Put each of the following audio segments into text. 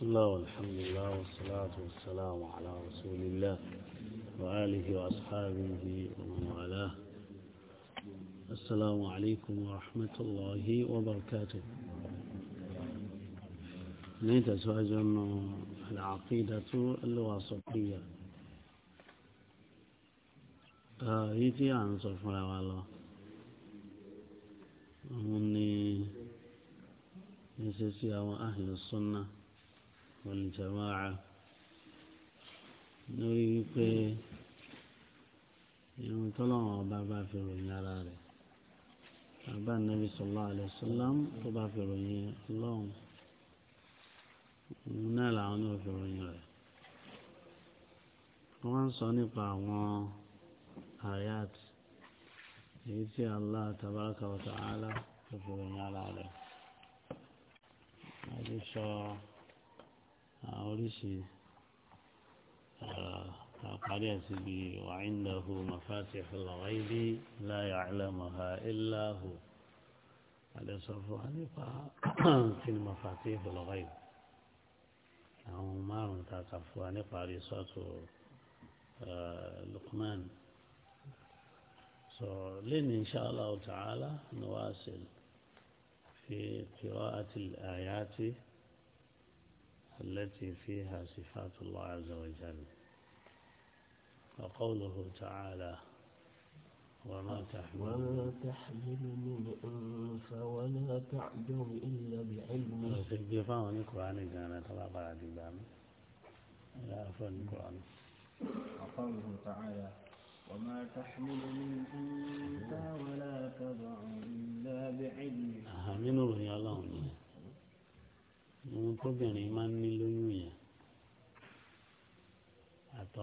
بسم الله والحمد لله والصلاة والسلام على رسول الله وآله وأصحابه ومن والاه السلام عليكم ورحمة الله وبركاته نتزوج العقيدة الواسطية آيتي آه، عن صفر والله مني يسيسي أهل السنة والجماعة lórí wípé irun tọ́lọ́wọ́n ọba bá fi ròyìn ara rẹ̀ bàbá nàbí sọlá àlẹ́sọ́lám tó bá fi ròyìn ọlọ́run òun náà làwọn náà fi ròyìn rẹ̀ wọ́n ń sọ nípa àwọn ayat èyí tí Allah tabaraka wa ta'ala tó fi ròyìn ara rẹ̀ wọ́n ti sọ. قال يسبي وعنده مفاتيح الغيب لا يعلمها إلا هو قال يسبي في المفاتيح الغيب عمار تقفواني قال يسبي لقمان لن إن شاء الله تعالى نواصل في قراءة الآيات التي فيها صفات الله عز وجل وقوله تعالى وما تحمل وما تحمل من أنف ولا تعدو إلا بعلمه في الدفاع القرآن كان طبعا على الإمام لا عفوا القرآن وقوله تعالى وما تحمل من أنثى ولا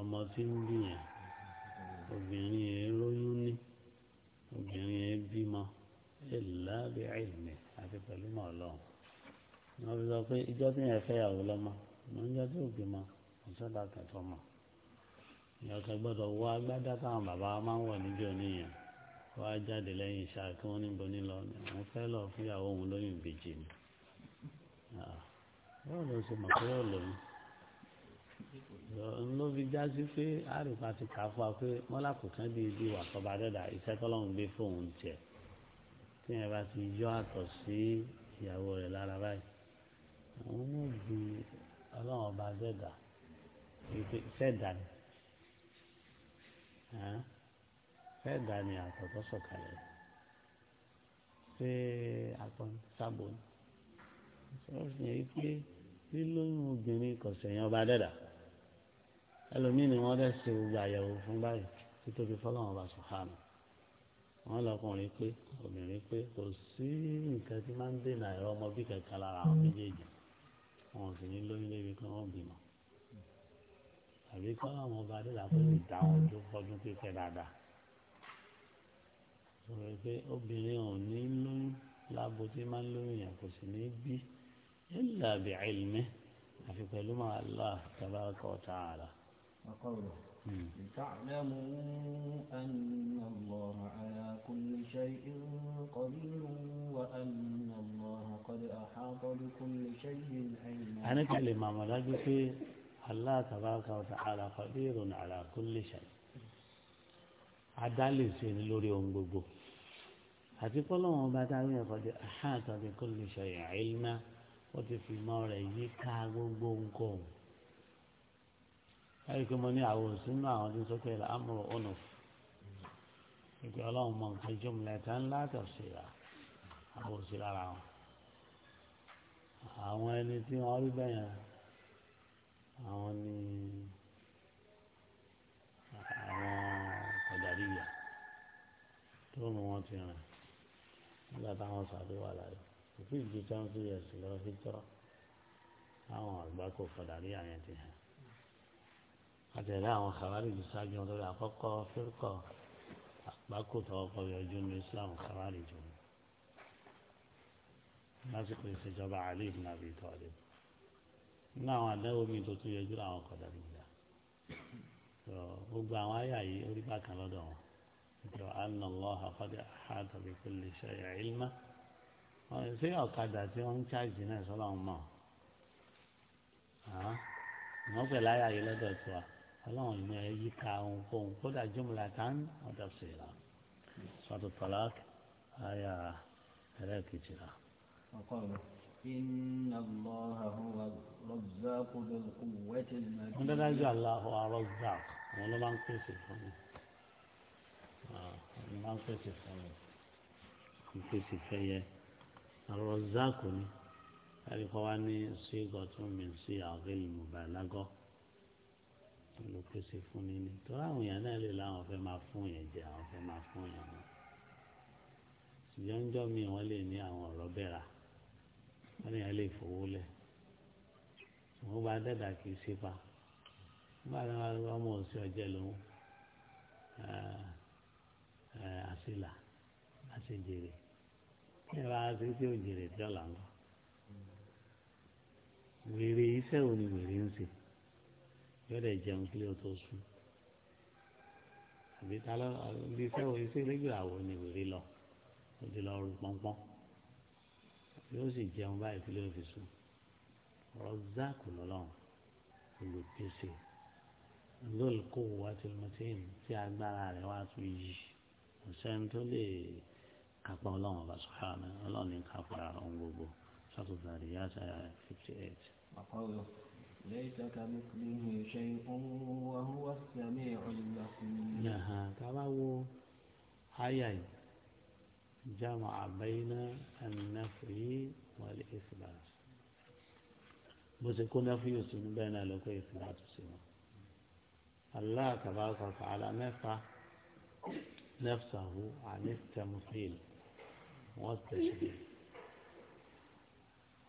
ọmọ tí ń bí yẹn obìnrin yẹn lóyún ní obìnrin yẹn bímọ ẹ lábẹ àìmẹ àti pẹ̀lú mọ Ọlọ́run wọn fi sọ pé ìjọ tí yẹn fẹ́yàwó lọmọ mọ ń jọ tí ò bímọ kò sọdọ akẹtọ mọ ìyàtọ̀ gbọ́dọ̀ wọ agbádá táwọn bàbá wa máa ń wọ níjọ nìyẹn wọ́n á jáde lẹ́yìn iṣẹ́ kí wọ́n níbo nílọ àwọn fẹ́ lọ fún ìyàwó òun lóyún ìbejì ni báwo ló ṣe mọ̀ pé yóò lóyún ló fi já sí pé àrùkà ti kà fún wa pé mọ́là kò kán bí ibi wà sọ́ba dẹ́dà iṣẹ́ tọ́lọ́run gbé fóun tiẹ̀ tí yẹn bá ti yọ àtọ̀ sí ìyàwó rẹ̀ lára báyìí àwọn náà di ọlọ́run ọba dẹ́dà fẹ́ẹ̀dà ni fẹ́ẹ̀dà ni àtọ̀tọ̀ sọ̀kalẹ̀ ṣé akọ́ni ni sọ́ọ́ fi hàn yí pé lílóyún obìnrin kọ̀sẹ̀yìn ọba dẹ́dà ẹlòmíì ni wọ́n dẹ̀ ṣe gbogbo àyẹ̀wò fún báyìí títóbi fọlọ́wọn bá sùhánù wọ́n lọkùnrin pé obìnrin pé kò sí nǹkan tí máa ń dènà àìrọ́ ọmọ bí kankan lára àwọn méjèèjì wọn sì ní lóyún lébi kí wọ́n bímọ àbí kí wọ́n àwọn ọba adéla kó sì dá wọn tó fọdún pípẹ́ dáadáa sọ̀rọ̀ pé obìnrin ò ní lóyún lábo tí máa ń lóyún yẹn kò sì ní bí illa bi'ilmi àfi pẹ̀lú màá Allah tabaraka wa وقوله لتعلموا أن الله على كل شيء قدير وأن الله قد أحاط بكل شيء علما أنا كلمة مراجع في الله تبارك وتعالى قدير على كل شيء عدالي سين لوري أمبوبو àti pọ́lọ́wọ́n ọba táwọn yẹn kọ́dé àhàtà bí kò lè ṣe àìlmá ó ti fi mọ́ rẹ̀ yíká gbogbo nǹkan láyé pé mo ní àwọn òsínú àwọn tí ń sọ pé amúrò ọ̀nà ìpè ọlọ́run mọ nǹkan jùmọ̀lá ẹ̀ta ńlá tẹ̀síra àwọn òsínú ara wọn àwọn ẹni tí wọ́n rí bẹ́yẹn àwọn ni àwọn kọ̀dàríyà tó mú wọn ti rìn nígbà táwọn sàdéwà láyé òfin ju seventy years lọ sí tọ́ àwọn àgbákò kọ̀dàríyà yẹn ti hàn àtẹ̀lé àwọn kàwárí jù ṣáájú wọn lórí àkọ́kọ́ fírkọ̀ àpákò tó ọkọ̀ yọjú ní Islam kàwárí jù lásìkò ìṣèjọba Ali ibn Abi Talib nínú àwọn àdáwò mi tó tún yọjú àwọn kọ̀dà nìyà gbogbo àwọn àyà yìí orí bákan lọ́dọ̀ wọn ìjọ anàlọ́hà fàdé àhàtàbí kò lè ṣe ìlmá ṣé ọ̀kadà tí wọ́n ń ṣáàjì náà sọ́lá ń mọ̀ ọ́n pẹ̀lú àyà yìí lọ́dọ̀ tiwa ọlọ́run ní ẹyí ka ohunkóhun kódà jùmọ̀lá tán ọ̀dà síra sọ́tò tọ́lák ayà ẹlẹ́kejìlá. wọ́n dáadáa ju aláhùn arọ́zà àwọn ló máa ń pèsè fún mi ah, àwọn máa ń pèsè fún mi ń pèsè fẹ́ yẹ arọ́zà kò ní ẹ̀rí kọ́ wá ní sí gọ́tún mi sí àgbélùmọ̀ bàlágọ́ ló pèsè fún ni ni tó àwọn èèyàn náà lè láwọn fẹ́ máa fún yẹn jẹ àwọn fẹ́ máa fún yẹn mọ́ ṣùgbọ́n jọ́ mi wọ́n lè ní àwọn ọ̀rọ̀ bẹ́ra wọ́n lè lè fowó lẹ̀ wọ́n bá dẹ́dà kì ṣe pa nígbà tí wọ́n bá mọ̀ sí ọjẹ́ lòun àṣìlà àṣìjèrè ní ìlà àti tí ò jèrè tí ọ̀là ń lọ wèrè iṣẹ́ òní wèrè ń ṣe yóò lè jẹun kí ló tó sùn àbí ta lọ ibi iṣẹ́ wo iṣẹ́ lẹ́gbẹ̀ẹ́ ni wèrè lọ ó ti lọ rú pọ́npọ́n yóò sì jẹun báyìí kí ló fi sùn ọ̀rọ̀ záàkù lọ́lọ́run olùpèsè lóòlù kó wá ti mọ̀tíìn tí agbára rẹ̀ wá tún yí ọ̀sẹ́ni tó lè kápá ọlọ́run ọba sọ̀rọ̀ ọlọ́run ní kápá ohun gbogbo sọ́tò tàbí yá sáyà fifty eight. ليس كمثله شيء وهو السميع البصير نعم كما هاي جمع بين النفي والإثبات بس نفي يسمى بين لك إثبات يسمى الله تبارك وتعالى نفى نفسه عن التمثيل والتشبيه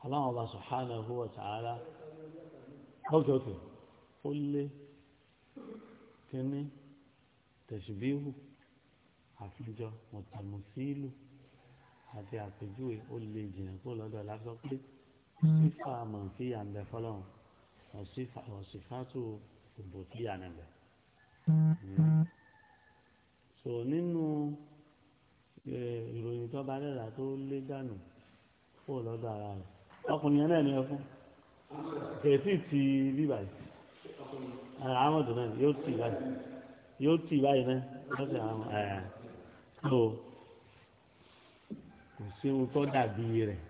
الله سبحانه وتعالى ọ̀sọ̀ọ̀sẹ̀ ó lé kínní tẹ̀síbíhù àfijọ́ mọ̀tàmùsílù àti àpèjúwe ó lè jìnnà kó lọ́dọ̀ lásán pé sífà mọ̀fí àǹdẹ fọlọ́run ọ̀sífàtò òbò tí ànàbẹ̀. sọ nínú ìròyìn tó bá dẹ̀dà tó lé dànù kó lọ́dọ̀ ara rẹ̀ ọkùnrin yẹn náà ni ẹ kẹ̀sì ti bí báyìí amadu náà yóò tì báyìí yóò tì báyìí náà lọ́sẹ̀ àwọn ẹ̀ tó kò sí ohun tó dàbí rẹ̀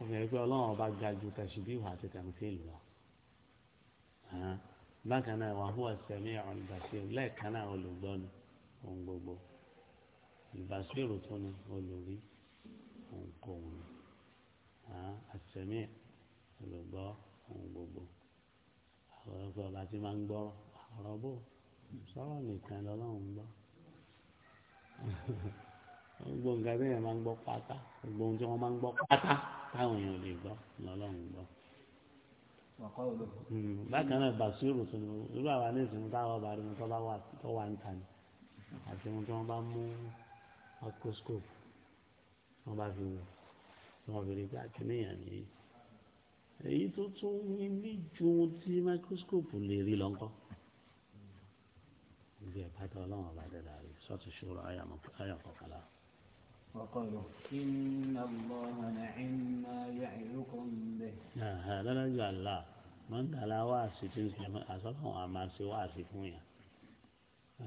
ọmọ ẹgbẹ́ ọlọ́run ọba ga ju tàṣíbí wà àti tàmífẹ́lì lọ bákan náà wà hùwà sẹ́mi ọ̀nìbàṣẹ́ lẹ́ẹ̀kan náà olùgbọ́ni ohun gbogbo ìbáṣẹ́ ìròtún ni olórí òǹkọ̀ọ̀hún àtẹ̀mí olùgbọ́ ohun gbogbo àwọn ọ̀fọ̀ ọba tí máa ń gbọ́ ọ̀rọ̀ bò sọ̀rọ̀ nìkan lọ́lọ́run gbọ́ gbogbo nǹkan tí èèyàn máa ń gbọ́ pátá gbogbo ohun tí wọ́n máa ń gbọ́ pátá táwọn èèyàn lè gbọ́ lọ́lọ́run gbọ́. Hmm, bákan náà bàṣírù tó irú àwa ní ìsinmi táwọn ọba rí tó bá wà tó wà ń ta ni àti ohun tí wọ́n bá mú microscope wọ́n bá fi wọ́n fi rí pé àti níyàn nìyí èyí tó tún ní ní ju ohun tí microscope lè rí lọ ńkọ́ ibi ẹ̀bátá ọlọ́run ọba dẹ́dà rí sọ́ọ̀tù ṣòro ayà kọkànlá. وقالوا إن الله نعم ما يعظكم به. آه لا لا لا لا من دلا واسي تنسي أصلا ما سوى سي فويا.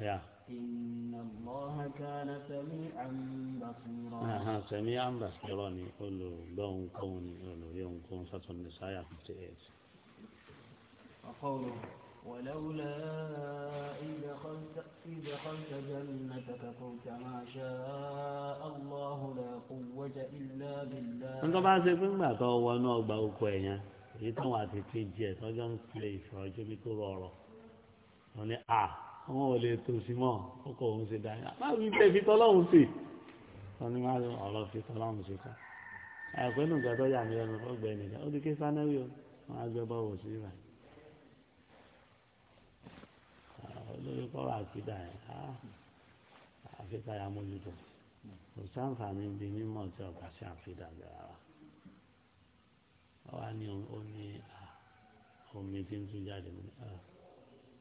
يا inna Allaha kana sami'an basira. ahan sami'an basira ni olùgbọ́ ohunkóhun ni olùrí ohunkóhun sọ́tún ní sáyà fifty eight. ọ̀kọ́rọ̀ ولولا إذا دخلت إذا دخلت جنتك قلت ما شاء الله لا قوة إلا بالله. ń tó bá ṣe fún ìgbà tó wọnú ọgbà oko ẹ̀yàn èyí tó wà tètè jẹ tọ́jọ́ ń pè ìfọ̀rọ̀jú bí tó rọrọ̀ wọn ni a àwọn ò lè tò sí mọ́ ọkọ̀ òun ṣe dáyà má fi bẹ́ẹ̀ fi tọ́lọ́hún sí wọn ni máa ọ̀rọ̀ fi tọ́lọ́hún sí kọ́ àìpẹ́ nù gbàtọ́ yà mí ẹnu fọ́gbẹ́ nìkan ó ti ké sánáwí o wọn á gbé bọ́wọ̀ sí ibà olórí kọ́ra àkídà ẹ̀ àfikà yà mójútó kò sáǹfààní bíi mímọ̀ tí ọ̀gá sí àfidà gbẹ̀rẹ̀ wa wọ́n wá ní omi omi tí ń tún jáde mọ́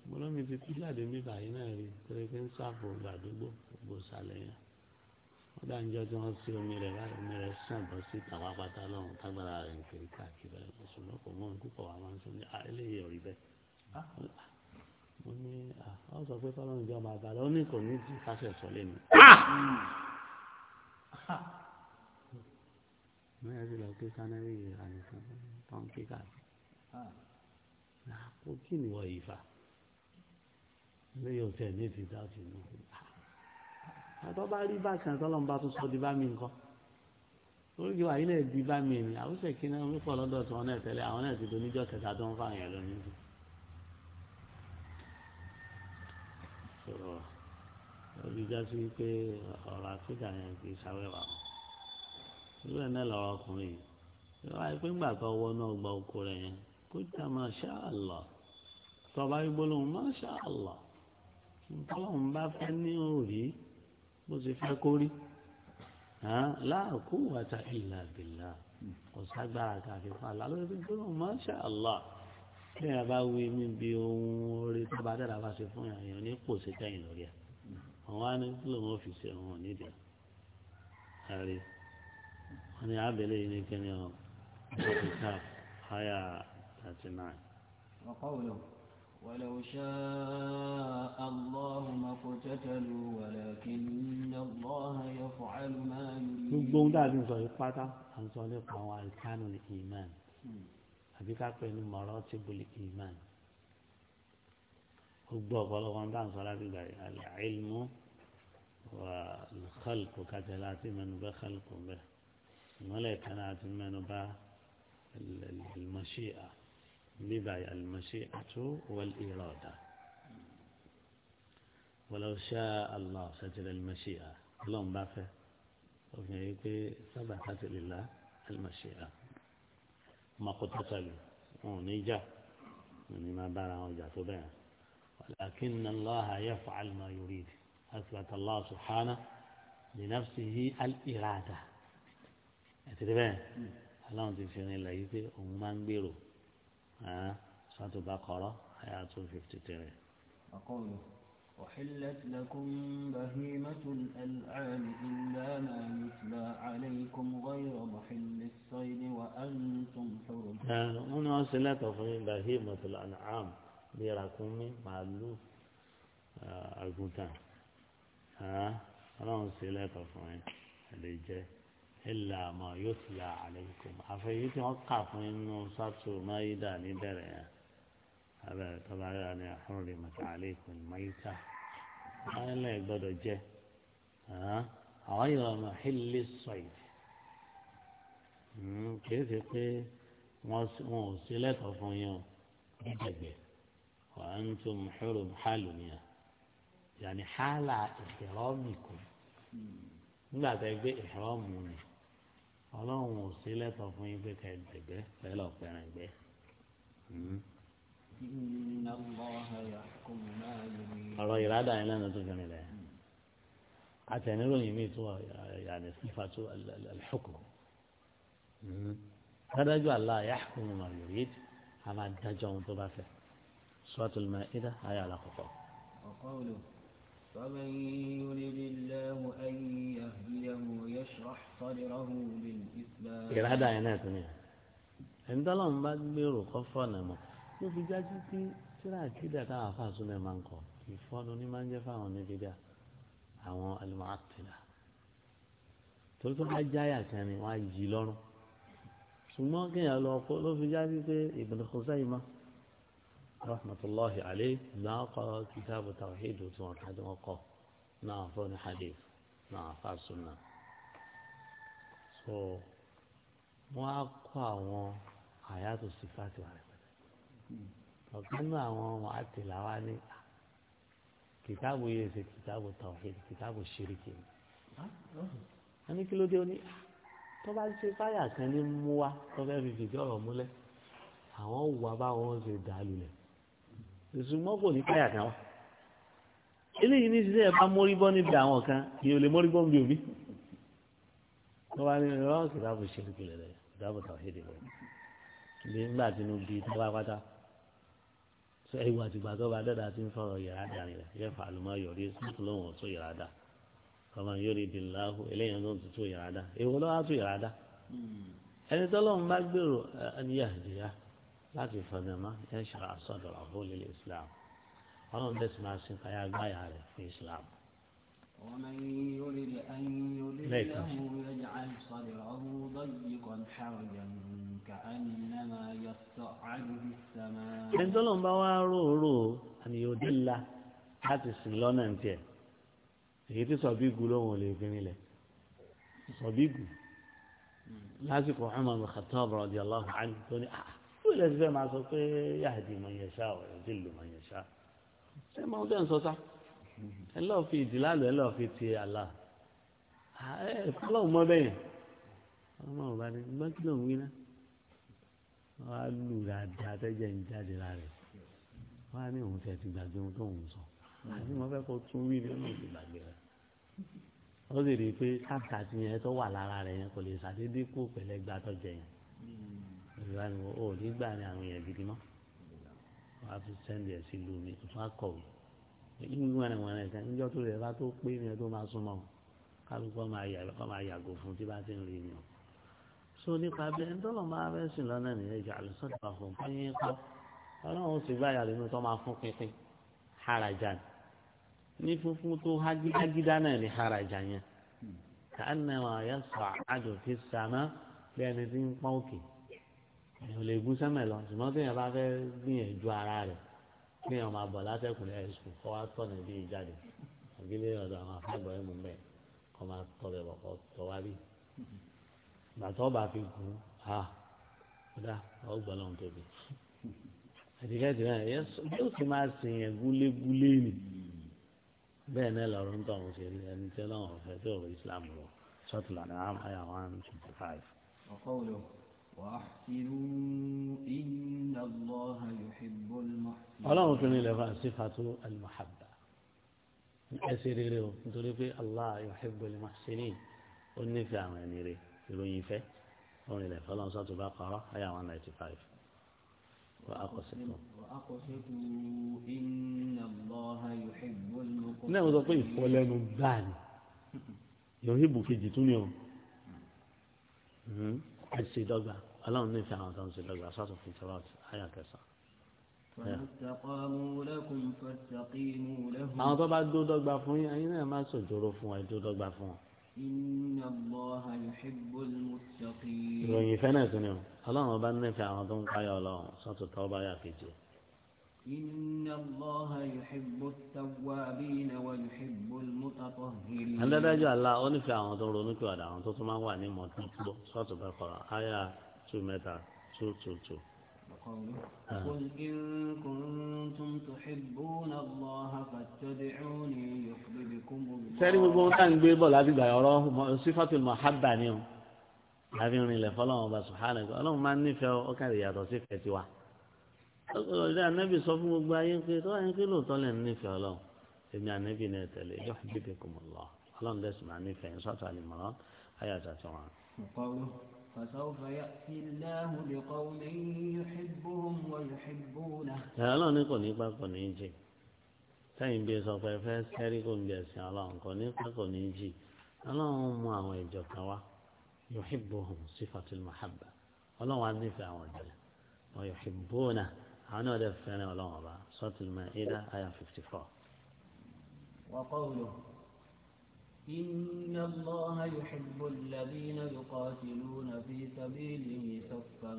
gbọ́dọ̀mí ti fi jáde bí báyìí náà rí torí pé ń sàpò gbàdúgbò gbogbo sàlẹ̀ yẹn wọ́n dá níjọ́ tí wọ́n sí omi rẹ̀ báyìí omi rẹ̀ sàn bọ́ sí tàwa pátá lọ́hùn tágbára rẹ̀ ń kiri káàkiri ẹ̀ ṣùgbọ́n kò mọ̀ púpọ̀ wà máa ń sọ ní eléyìí ọ̀rí bẹ́ẹ̀. mo ní ọ sọ pé fọlọ́n ìjọ máa balẹ̀ ó ní kò ní ti kásẹ̀ sọ lẹ́nu. mẹ́rin ti lọ pé sanẹ́rì àníkan tó ń kí káàkiri. kò kí ni wọ́n yìí fà ilé yóò tẹ̀ ní ti dáàtì nù. àtọ́ bá rí bákan tọ́lọ́mù bá tún sọ di bá mi nǹkan lórí wa náà di bá mi ni àwùjọ kí náà wípọ̀ lọ́dọ̀ tí wọ́n náà tẹ́lẹ̀ àwọn náà ti doníjọ́ kẹta tó ń fa àyàn lónìí jù. sọ̀rọ̀ já sí pé ọ̀rọ̀ àfíkà yẹn kì í sáwẹ́wà o irú náà lọ́rọ̀ ọkùnrin yìí ìwà ìpín gbà tó wọ náà gba oko rẹ̀ yẹn kó jà máa ṣá àlọ́ tọba igbólóhùn máa ṣá àlọ́ tọ́lọ́run bá fẹ́ ní òrí bó ṣe fẹ́ kó rí láàkó wàtà ìlà bìlà kò ságbára káfí fún àlá lórí fi gbọ́dọ̀ masha Allah bí ẹ bá wí níbi ohun orí tó bá dára bá ṣe fún yàrá ní kò sí tẹ́yìn lórí ẹ̀ àwọn á ní kí lòun ò fi ṣe òun nídìí àrí wọn ni abẹ́lé yìí ní kíni ọ̀ ọ̀ ìka àyà thirty nine. ولو شاء الله ما اقتتلوا ولكن الله يفعل ما يريد gbogbo ohun dàbí sọ yìí pátá à ń sọ nípa àwọn àìkánù ìmán àbí ká pè ní mọ̀rọ́ tí bùlì ìmán gbogbo ọ̀pọ̀lọpọ̀ ń bá ń sọ láti gbà àlẹ́ àìlmú wà lùkọ́lùkù kájọ láti mẹ́nu bá kọ́lùkù bẹ́ẹ̀ ìmọ̀lẹ̀ kan láti mẹ́nu bá ìmọ̀ṣíà. ببايع المشيئة والإرادة ولو شاء الله سجل المشيئة اللهم بافه وفي يقول لله المشيئة ما قتتلوا ونجا من يعني ما بارا وجاتوا بها ولكن الله يفعل ما يريد أثبت الله سبحانه لنفسه الإرادة أتدبين الله تفعل الله يقول ومن بيرو sọ́tò bá kọ́rọ́ àyà two fifty three. àkọ́wé أحلت لكم بهيمة الألعام إلا ما يتلى عليكم غير محل الصيد وأنتم حرم. أنا أصلت في بهيمة الأنعام ليراكم معلوف àgùntàn ọlọ́run sí lẹ́tọ̀ fún ẹ إلا ما يتلى عليكم عفيت وقف إنه صارت ما يداني درع هذا طبعا يعني حرمت عليكم الميتة أنا لا يقدر جه ها غير محل الصيد كيف يقول وصلة فنيا وأنتم حرم حال يعني حال إحرامكم لا تقول إحرام ọlọ́run ò sí lẹ́tọ̀ fún yín pé ká ẹ dẹ̀gbẹ́ pẹ̀lú ọ̀pẹ̀rẹ̀ gbẹ́. Hmm. ọ̀rọ̀ ìrádà yẹn lẹ́nu tó fi rìn lẹ̀. àtẹniròyìn mi tó yàrá sífà tó alḥukù. Hmm. dájú àlá yàhùkùn mà yòóyé a máa dájọ́ ohun tó bá fẹ́. sọ́ọ́tù Maida ayé alákọ̀ọ́kọ́. ọ̀kọ́ òlò. فمن يرد الله أن يهديه يشرح صدره للإسلام إرادة يا ناس عند الله ما بيرو خفنا ما ló fi jájú pé tíra àkídà táwọn afáàsúlẹ̀ máa ń kọ ìfọ́nù ní máa ń jẹ́ fáwọn oníbídà àwọn alimọ́tìlá torí tó bá jáyà kan ni wọ́n á yí lọ́rùn ṣùgbọ́n kéèyàn lọ kó ló fi jájú pé Ibn Khuzaymah rahmatulahi alayhi làwọn kọ́ kitabu tawhid tí wọ́n kí wọ́n kọ́ náà fún ní hadith náà fà sunna. so wọ́n á kọ́ àwọn àyàtò sífàtì wà rẹpẹtẹ ọ̀kan náà àwọn ọmọ àtìlá wa ní ah, kìtàbù yìí ṣe kìtàbù tawhid kìtàbù ṣíríkì ni ah, wọ́n ní kí ló dé ó ní ah, tó bá ṣe fáyà kan ní mú wa tó fẹ́ fi fìdí ọ̀rọ̀ múlẹ̀ àwọn wà báwọn ṣe dàlù lẹ̀ ìsúnmọ́ ní káyà kan wá eléyìí ní sísẹ́ ẹ̀bá móríbọ́ níbi àwọn kan ìyẹn ò lè móríbọ́ níbi wọ́n wá ní ọ̀rọ̀ kìláàbù ṣe nìkìlẹ̀ rẹ̀ kìláàbù tàwọn ṣe nìkìlẹ̀ bí ńgbà tí inú bí tọ́lá pátá sọ ewu àtìgbà tó bá dẹ́dà ti ń fọ̀rọ̀ yàrá dà rẹ̀ yẹ fà lùmọ́ yọrí sùkú lóhùn tó yàrá dà kọ́mọ láti fọdùnmọ́ ẹ̀ ń ṣàrà sọ̀dọ̀ àbó lílé islam ọlọ́run bẹ́ẹ̀ sì máa sin káyà gbáyà rẹ̀ fún islam. ẹni tó lóun bá wá róòró àníyòdì ńlá láti sìn lọ́nà tiẹ̀ èyí tí sọ̀bígù lóun ò lè fi nílẹ̀ sọ̀bígù hmm. lásìkò Umar bin Khattab radiyallahu anhu tó ní àá. Ah, yóò lẹ́sí fẹ́ máa sọ pé yahdi man yasha wa yudillu man yasha ṣé máa ń fẹ́ ń sọ sá ẹ lọ́ọ́ fi ìdílé àlọ́ ẹ lọ́ọ́ fi ti Allah ẹ fọlọ́ọ̀ mọ́ bẹ́ẹ̀ ọmọ ọba ni gbọ́n kí ló ń wí ná wọ́n á lù dáadáa tẹ́jẹ́ ń jáde lára wọ́n á ní òun tẹ̀ ti gbàgbé ohun tó ń sọ àti mo fẹ́ kó tún wí ní ọ̀nà ti gbàgbé rẹ̀ ó sì rí i pé káàkiri yẹn tó wà lára rẹ̀ yẹn kò lè ṣàdédé kó pẹ̀lẹ́ gbàtọ́jẹ yẹn ìgbà ni o ní gbà ní àwọn èèyàn gidi mọ́ wọ́n á tún sẹ́ndì ẹ̀ sí lómi o tún á kọ̀ o inú wọn ni wọn rẹ̀ kan níjọ́ tó rẹ̀ bá tó pé ní ẹ tó máa súnmọ́ o kálukú ọ máa yàgò fún tí bá ti ń rí ni o so nípa bí ẹni tọ́lọ̀ máa fẹ́ sìn lọ́nà nìyẹn ìjà àlùsọ́dọ̀ àfọ̀ pẹ́yìn kọ́ ọlọ́run sì gbà yàrá inú tó máa fún pínpín harajan ní funfun tó hágídágídá náà ní harajan yẹn kàánà wà yẹ sọ àjò fi sàmá bẹ́ẹ̀ ni ti ń pọ́n òkè èèyàn lè gún sẹ́mẹ̀ lọ ṣùgbọ́n tí èèyàn bá fẹ́ gbìyànjú ara rẹ̀ kí èèyàn máa bọ̀ látẹ̀kùnrin ẹ̀sùn kọ́ wá tọ̀nà bí ìjáde àgbélé ọ̀dọ̀ àwọn afẹ́gbọ̀ ẹ̀mú bẹ́ẹ̀ kọ́ máa tọ̀bẹ̀ bọ̀ kọ́ tọ̀ wá rí bàtọ́ bá fi gùn á kódà ọgbọ́n lọ́hùn tóbi àtìkẹ́tì náà yóò sì máa sìn yẹn gúlégúlé ni bẹ́ẹ̀ náà lọ́rọ̀ ń ṣe ẹni tí ọlọ́run ọ̀fẹ́ tí ọ̀rọ̀ Islam rọ̀ ní àyà one twenty five ọlọ́run fi nílẹ̀ fún àṣìfàtú alimahabba ẹsẹ̀ rere o nítorí pé allah yuhibbu al-muhsinin ó nífẹ̀ẹ́ àwọn ẹni rẹ̀ ìròyìn ìfẹ́ ọ̀run ilẹ̀ fọlọ́n sọ́tún bá kọ́rọ́ ayé àwọn ninety five wà á kọ́ ní àwọn sọ pé ìfọlẹ́nu gbáà ni yòóhìbù kejì tún ni o. Hmm? àìṣèdọ́gba ọlọ́run nífẹ̀ẹ́ àwọn tó ń ṣèdọ́gba sọ́tún fún tọ́lọ́tì ayà kẹsàn-án. àwọn tó bá dó dọ́gba fún yín ẹ̀yin náà má ṣòjòrò fún ẹ dó dọ́gba fún wọn. ìròyìn ìfẹ́ náà tún ni o ọlọ́run ọba nífẹ̀ẹ́ àwọn tó ń páyà ọlọ́run sọ́tún tọ́ bá yà kejì. إن الله يحب التوابين ويحب المتطهرين هذا لا جعل الله أن في عن طول نك ولا عن طول ما هو عن ما تطلب صوت بقرة آية شو متى شو شو شو قل إن كنتم تحبون الله فاتبعوني يحببكم الله سألي بقول أن بيبل هذه دايرة صفة المحبة نيوم هذه من الله فلان الله سبحانه وتعالى ما نفعه أكاد يا تصيف كتوه ọ̀rẹ́ ànábì sọ fún gbogbo ayé pé tó ayé pé lóòótọ́ lẹ́nu nífẹ̀ẹ́ ọlọ́run èmi ànábì náà tẹ̀lé yóò fi bíbí kò mọ̀ lọ ọlọ́run dẹ̀sùn máa nífẹ̀ẹ́ sọ́tà lè mọ̀ ayé àtàtì wọn. ọlọ́run ní kò ní pa kò ní jì sẹ́yìn bí sọ pé fẹ́ sẹ́rí kò ń bí ẹ̀sìn ọlọ́run kò ní pa kò ní jì ọlọ́run mú àwọn ìjọ kan wá yóò fi bó hùn sífàtúlù ọlọ́run á nífẹ̀ẹ́ àwọn ìjọ àwọn ọ̀dẹ fẹ́ràn ọlọ́run ọba suratul Maida àyà fifty four. وقوله إن الله يحب الذين يقاتلون في سبيله صفا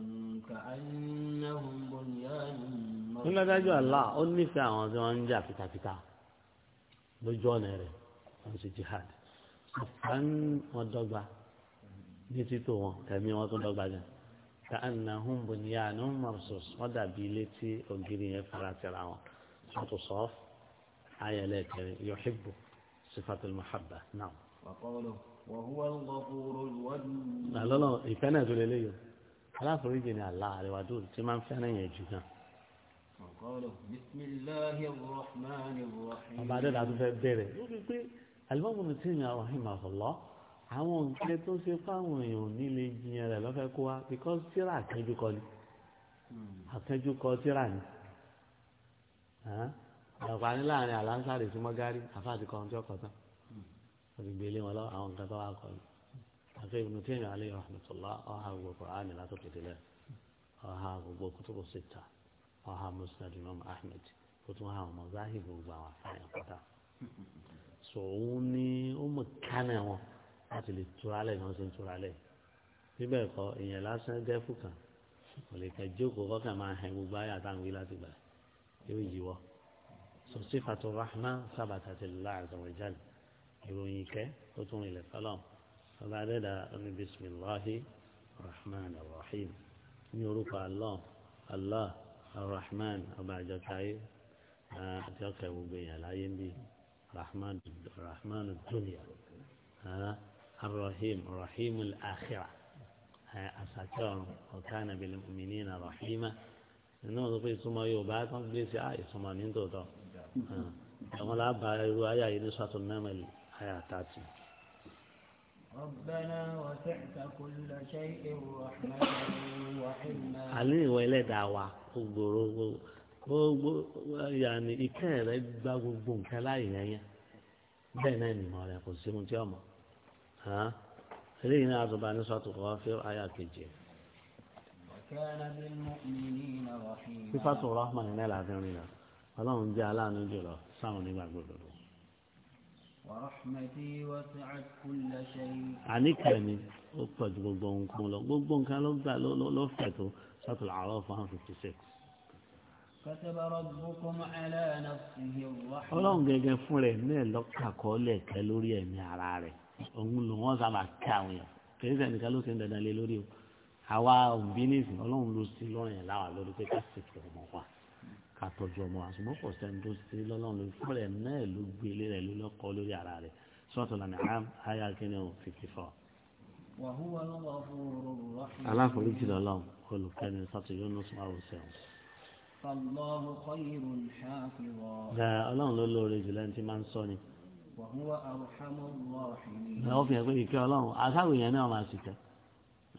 كأنهم بنيان مرصوص. nígbà dájú àlá ó nífẹ̀ẹ́ àwọn tí wọ́n ń jà fitafita lójú ọ̀nà rẹ̀ wọ́n ṣe jihad. sọ̀fà ń wọ́n dọ́gba ní títò wọn ẹ̀mí wọn tó dọ́gba gan-an. كأنهم بنيان مرصوص ودابي لتي أنجري فرات العوام صوت صاف آية لك يحب صفة المحبة نعم وقوله وهو الغفور الودود لا لا لا يفنى ذلليه لا فريدني الله على الودود تمام فانا يجينا وقوله بسم الله الرحمن الرحيم وبعد ذلك بيره المؤمن رحمه الله àwọn nǹkan tó ṣe fáwọn èèyàn ní lè jiyàn rẹ̀ lọ́fẹ́ kó wa because tíra àkẹ́jùkọ ni àkẹ́jùkọ tíra ni ọ̀pá ní láàrin àlàńsàrè sí mọ́gárì àfáàtì kan tí ó kọ̀ tán olùgbèlé wọn lọ àwọn nǹkan tó wà kọ ni àfẹ́ ibùdó tí èèyàn alẹ́ rahmatullah ọ̀hà gbogbo Kùránì látòkè délẹ̀ ọ̀hà gbogbo kútùbù síta ọ̀hà Musnad Imam Ahmed ó tún hàn mọ́ záhì gbogbo àwọn àfáàyàn pátá so òun ni ó mú kánẹ̀ wọn láti lè tura lẹ̀ ní wọ́n ṣe ń tura lẹ̀ síbẹ̀ kọ́ èèyàn lásán gẹ́fù kan kò lè kẹ́ jókòó kọ́kàn máa hẹ gbogbo ayé àtàwọn wí láti gbà yóò yíwọ́ sọ sífàtò rahman sábàtà ti lọ àzọwọ̀ jáde ìròyìn ìkẹ́ tó tún ilẹ̀ fọlọ́ ọba adẹ́dà ní bisimilahi rahman rahim ní orúkọ allah allah rahman ọba àjọkáyé àti ọkẹ́ gbogbo èèyàn láyé ń rahman rahman dunia. الرحيم رحيم الآخرة أساكر وكان بالمؤمنين رحيما إنه ضبي ثم يوبات بليس آي ثم نندو دو كما لا بارو آية ينسوة النمل آية تاتي ربنا وسعت كل شيء رحمة وعلما علي ويلي دعوة gbogbo gbogbo يعني ìkẹ́ rẹ̀ gba gbogbo nǹkan láì yẹn yẹn bẹ́ẹ̀ náà eléyìí náà àtúbà ní sọ́tù kọ́ fi àyà kejì. sífàtù rahman ní ẹ̀là àfihàn rìnà ọlọ́run jẹ́ aláàánú jùlọ sáwọn onígbàgbọ́ òdodo. àníkàn ni ó pọ̀ ju gbogbo nǹkan lọ gbogbo nǹkan ló gbà ló fẹ̀ tó sọ́tù àárọ̀ fún one fifty six. ọlọ́run gẹ́gẹ́ fún rẹ̀ náà lọ́kàkọ́ lẹ̀kẹ́ lórí ẹ̀mí ara rẹ̀ òun lò wọ́n sábà ká àwọn èèyàn kìí sẹ́nìkan ló ṣe ń dandan lé lórí o àwa òbí nìsín ọlọ́run ló sí lọ́rùn yẹn láwa lórí pé ká ṣètò ọmọ wa ká tọ́jú ọmọ wa ṣùgbọ́n kò sẹ́ni tó sí lọ́lọ́run lórí fúnlẹ̀ náà ló gbé ilé rẹ̀ ló lọ́kọ́ lórí ara rẹ̀ sọ́ọ̀tún lànà àyà kínní ò fìfì fọ́. aláforíjì lọ́lọ́run olùkẹ́ni sọ́tù yóò nù sùn àwòṣe ọ̀hún. ọlọ́run ló lóore jùlọ ẹni tí máa ń sọ ni wọ́n fi hàn pé ìkẹ́ ọlọ́run àtàwọn èèyàn náà máa sì kẹ́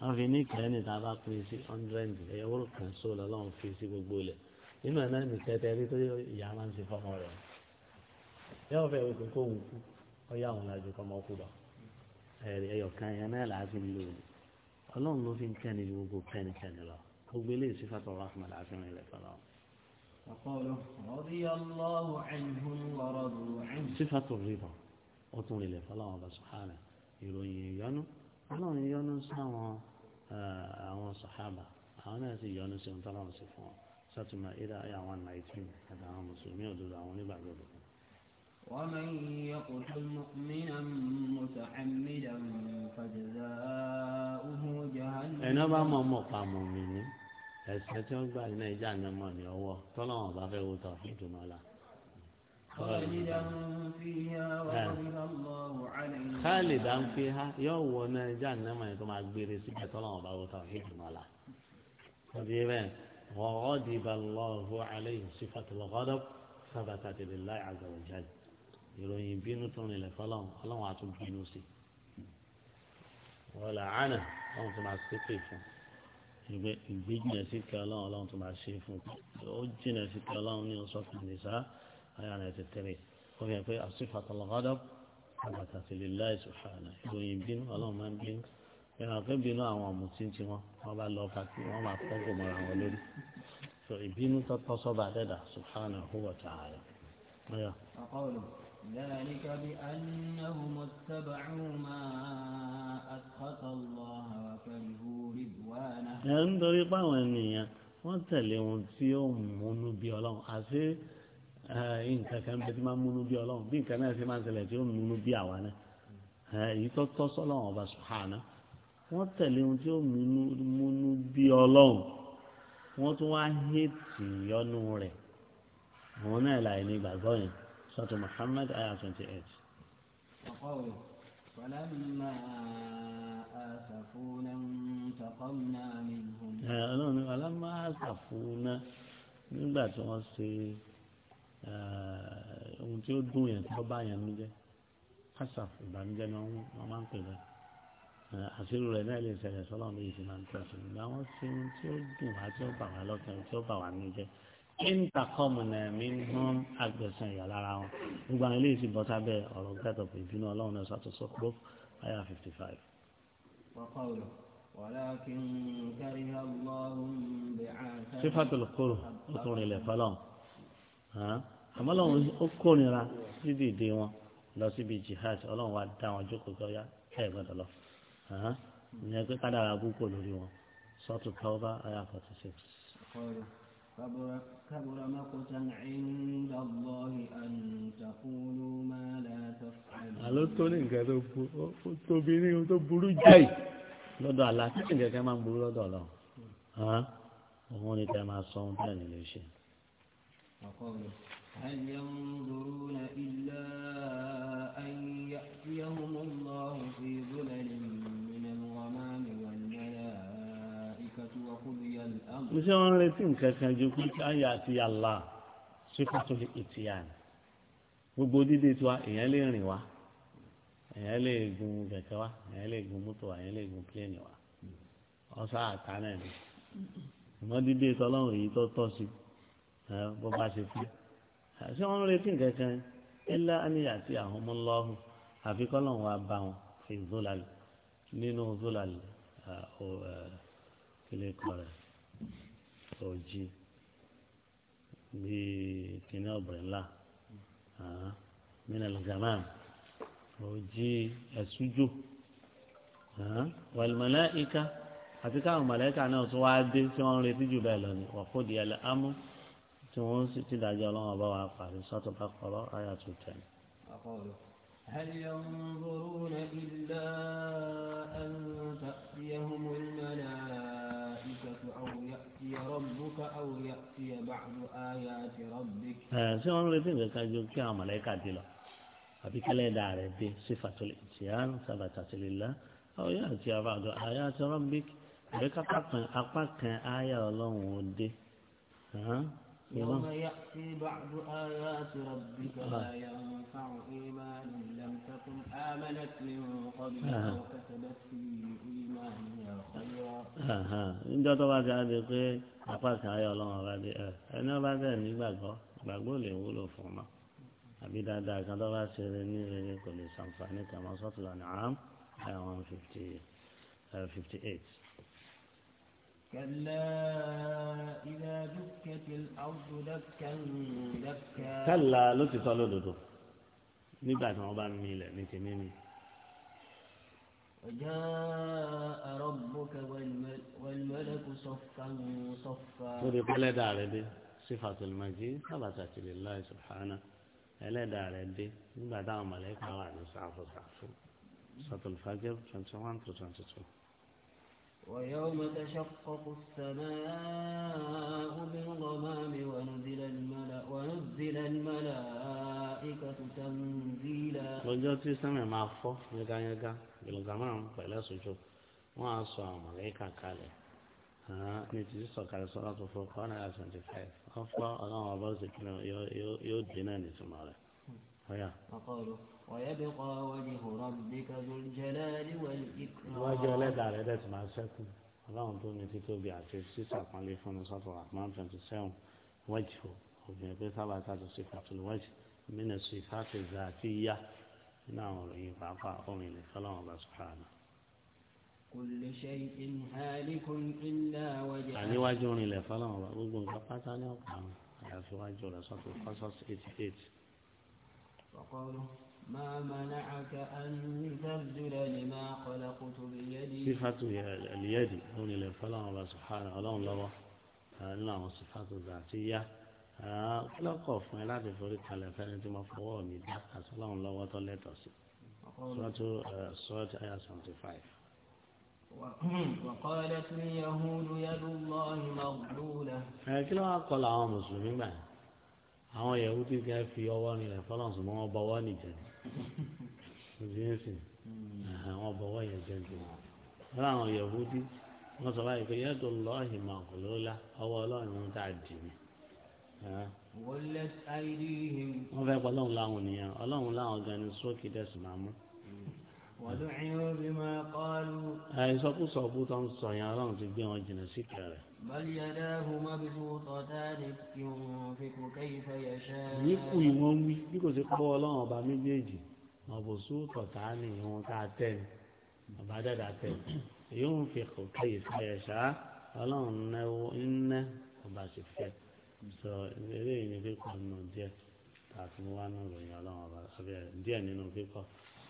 wọ́n fi ní ìkẹ́ ní ìtàbá pín sí ọ̀ndrẹ́ǹdì ẹ̀yẹ́wòrò kan só lọ́lọ́run fi sí gbogbo ilẹ̀ nínú ẹ̀ náà ní kẹtẹ rí tó ìyá máa ń ṣe fọmọ rẹ̀ yóò fẹ́ wípé kó wù kú ọyá àwọn làjò kọ́ ọmọ kú lọ ẹ̀rì ẹ̀yọ̀ kan yẹn náà là á fi lò ní ọlọ́run ló fi ń kẹ́ni ju gbogbo kẹ́nikẹ́ni lọ gbogbo eléyìí sífàtọ̀ rahman àfihàn ilẹ̀ fọlọ́run وقوله رضي الله عنهم ورضوا عنه صفة الرضا أطول إليه فالله سبحانه يروي يانو ọlọ́run yọ́nú sáwọn àwọn sàhábà àwọn náà sì yọ́nú sí ọ̀tọ́ láwọn sì fún ọ sátúmọ̀ ìdá àwọn nineteen àti àwọn mùsùlùmí òdodo àwọn onígbàgbọ́ ومن يقتل مؤمنا متعمدا فجزاؤه جهنم. ẹ̀nà bá mọ̀ mọ̀ pa ẹ̀sìn tí wọ́n gbà ní ẹja ní ọmọ ní ọwọ́ tọ́lọ́wọ́n bá fẹ́ wo tọ̀ ìdùnnú ọ̀la. káàlì dá ń fi ha yóò wọ ní ẹja ní ọmọ yẹn tó máa gbére síbẹ̀ tọ́lọ́wọ́n bá wo tọ̀ ìdùnnú ọ̀la. ọdí bẹ́ẹ̀ wọ́n ọdí bá lọ́ọ̀hún aláìhùn sífàtì lọ́kọ́dọ́ sábàtà tẹ̀lé láì àgàwọ̀jáde ìròyìn bínú tó rìnlẹ̀ fọlọ́run ọlọ́run àtúntò bínú sí i wọ́n là á nà wọ́n ti máa ṣépè fún un ìgbẹ́ ìgbéjìnà sí kí ọlọ́run ọlọ́run tó máa ṣe fún ó jìnà sí kí ọlọ́run ní oṣù kìnìṣà ayé àná ti tẹ̀lé ó fi hàn pé àṣìfàtàlá ọ̀dọ́ àbàtàtì lè láì sùfàànà ìròyìn bínú ọlọ́run máa ń bínú ìràn pé bínú àwọn ọ̀mùtí ti wọn wọn bá lọ bá kí wọn máa tọ́kọ̀ mọ́ra wọn lórí ìbínú tọ́tọ́ sọ́ba dẹ́dà sùfàànà hùwà tààrà. ذلك بأنهم اتبعوا ما أسخط الله وكرهوا رضوانه ẹn torí páwọn ènìyàn wọ́n tẹ̀lé ohun tí ó múnú bí Ọlọ́run àti nǹkan kan bẹ tí máa múnú bí Ọlọ́run bí nǹkan náà ṣe máa ṣẹlẹ̀ tí ó múnú bí àwa náà èyí tó tọ́ sọ́lọ́run ọba sùhánà wọ́n tẹ̀lé ohun tí ó múnú bí Ọlọ́run wọ́n tún wá hẹ́ẹ̀tì yọnu rẹ̀ àwọn náà láì ní ìgbàgbọ́ yẹn. سورة محمد آية 28 وقوله فلما آسفونا انتقمنا منهم ألون فلما آسفونا nígbà tí wọ́n ṣe ohun tí ó dùn yẹn tí wọ́n bá yẹn nújẹ́ asaf ìbànújẹ́ ni wọ́n máa ń pè bẹ́ẹ̀ àṣírí rẹ̀ náà lè ṣẹlẹ̀ sọ́lọ́run lóye ti máa ń tẹ̀sán ìgbà wọ́n ṣe ohun tí ó dùn wá tí ó bà wá lọ́kàn tí ó bà wá nújẹ́ intakọ́mùnà mi ń hàn agbẹ̀sán ìyá lára wọn gbogbo àwọn eléyìí sì bọ́ sábẹ́ ọ̀rọ̀ gẹ́tọ̀ pé ìbínú ọlọ́run náà sọ́tọ̀ sọ́kúrò àyà fifty five. sífàtò lókòrò ó tún rìnlẹ̀ fọlọ́run àmọ́ lọ́run ó kórìíra síbi ìdè wọn lọ síbi jihad ọlọ́run wa dá wọn jókòó gbọ́yá ẹ̀ gbọ́dọ̀ lọ ìyẹn pé kádàrà bú lórí wọn sọ́tò tọ́wọ́ àyà forty six. كبر مقتا عند الله أن تقولوا ما لا تفعلون àló tó ní nǹkan tó bu ó tóbi ní ohun tó burú jáì lọ́dọ̀ àlá kí nǹkan kan máa ń burú lọ́dọ̀ lọ òun ni tẹ máa sọ ohun tẹ́ẹ̀ nílé ṣe. àkọọ́lẹ̀ هل ينظرون إلا kò sí wọn retí nǹkan kan ju pé kí wọn yà àti yàlá sípàtó ìtìyàn gbogbo dídé tiwa èèyàn lè rìn wá èèyàn lè gun kẹ̀kẹ́ wá èèyàn lè gun mọ́tò wá èèyàn lè gun pílẹ̀nì wá ọ̀sán àtà náà ni ìmọ̀ dídé tọ́lọ́run èyí tó tọ́ sí bó bá ṣe fi ṣé wọn retí nǹkan kan ẹlá àníyàn àti àwọn ọmọ ńlọrùn àfi wa bá wọn fi zólàlì nínú zólàlì kí lè kọ́ rẹ̀ ọjì bíi kìnìún ọ̀bẹ̀rẹ̀ ńlá mìíràn lọ́gàmán ọjì ẹ̀sùjò wàlùmọ̀lá ìka àti káwọn mọ̀lẹ́kà náà tún wá dé tí wọ́n ń retí jù bẹ́ẹ̀ lọ ni wàkóòdì ẹ̀lẹ́ ámú tí wọ́n sì ti dájọ́ ọlọ́run ọba wa pàdé sọ́tọ̀ bá kọ́rọ́ àyà tó tẹ̀. هل ينظرون إلا أن تأتيهم الملائكة يأتي ربك أو يأتي بعض آيات ربك ṣé wọ́n ń retí nǹkan kan ju kí àwọn mọ̀lẹ́kà dé lọ àbí kẹ́lẹ́ ẹ̀dá rẹ̀ dé sífàtò ìtìyàn sábàtà sílélá àwọn yóò àti àbàdàn àyà àti rọ́bìk àbí kápá kan apá kan áyà ọlọ́run ó dé يوم يأتي بعض آيات ربك لا ينفع إيمان لم تكن آمنت من قبل أو كسبت في إيمانها خيرا níjọ́ tó bá ti á di pé apákan ayé ọlọ́run bá dé ẹ ẹni ọba bẹ́ẹ̀ nígbàgbọ́ ìgbàgbọ́ lè wúlò fún ọmọ àbí dáadáa kan tó bá ṣe eré ní eré kò lè ṣàǹfààní kàmọ́ sọ́tùlọ̀ ní àm ẹ̀ one fifty eh, eight. كلا kálá ló ti sọ lódodo nígbà tí wọ́n bá mi ilẹ̀ ní tèmi mi. وجاء ربك والملك صفا صفا. سوري بلا دار دي صفة المجيد ثبتت لله سبحانه ẹlẹ́dàá rẹ̀ dé nígbà táwọn mọ̀lẹ́kà wà ní sàfùsàfù sọ̀tún fàjẹ́ twenty one to twenty two. ويوم تشقق السماء بالغمام ونزل الملأ ونزل الملائكة تنزيلا lọ́jọ́ tí sẹ́mi máa fọ́ yágáyágá bilgamam pẹ̀lú ṣojú wọ́n á sọ àwọn mọ̀lẹ́kà kalẹ̀ ní ti sísọ kalẹ̀ sọ́dọ̀ tó fọ́ kọ́ náírà twenty five wọ́n fọ́ ọlọ́run ọba ó sì kí ni yóò dín náà nítumọ̀ rẹ̀. ويبقى وجه ربك ذو الجلال والإكرام وجلد على ذات ما سكن ọlọ́run tó ní títóbi àti sísàpọ́nlé fún sọ́tọ̀ rahman twenty seven wájú obìnrin pé sábà tàbí sífàtúlù wájú mínà sífàtì zàtì yá nínú àwọn òròyìn pàápàá orin ilẹ̀ fọlọ́run ọba sùhánà. àníwájú orin ilẹ̀ fọlọ́run ọba gbogbo nǹkan pátá ní ọ̀pá àwọn àyàfi wájú rẹ̀ sọ́tọ̀ fọ́sọ́sì eighty eight. ما منعك أن تبذل لما خلقت بيدي صفة اليد هون الفلام الله سبحانه الله الله الله صفات ذاتية lọ́kọ̀ fún ẹ láti forí kalẹ̀ fẹ́ni tí mo fọwọ́ mi dá àsọláhùn lọ́wọ́ tó lẹ́tọ̀ sí sọ́tù sọ́ọ̀tì àyà seventy five. وقالت اليهود يد الله مغلولة. ẹ kí ló wá kọ́ làwọn mùsùlùmí gbà yẹn àwọn yahudi ti fi ọwọ́ nílẹ̀ fọlọ́n sùn mọ́ wọn bọ́wọ́ nìjẹ́ ni jésù àwọn bọ̀wọ̀ yẹn jẹ́ ju wọn. wọ́n àwọn yahudi wọ́n sọ báyìí pé yẹ́dùn lọ́ọ̀hìn máa kò ló la ọwọ́ ọlọ́run ń tà dì mí. wọ́n fẹ́ pọ́ ọlọ́run láwọn nìyẹn ọlọ́run láwọn gan ni sókè dẹ̀sùn máa mú. ولعنوا بما قالوا أي سقو سقوطا صيارا تبين جنا سكرة بل يداه مبسوطتان ينفق كيف يشاء nípò ìwọ̀n wí bí kò sí pọ́ ọlọ́run ọba méjèèjì مبسوطتان ìwọ̀n tá a tẹ́ ni ọba dẹ́dà tẹ́ ni ينفق كيف يشاء ọlọ́run náwó ńná ọba sì fẹ́ sọ eléyìí ni pípọ̀ nù díẹ̀ tààtì wánú ròyìn ọlọ́run ọba díẹ̀ nínú pípọ̀.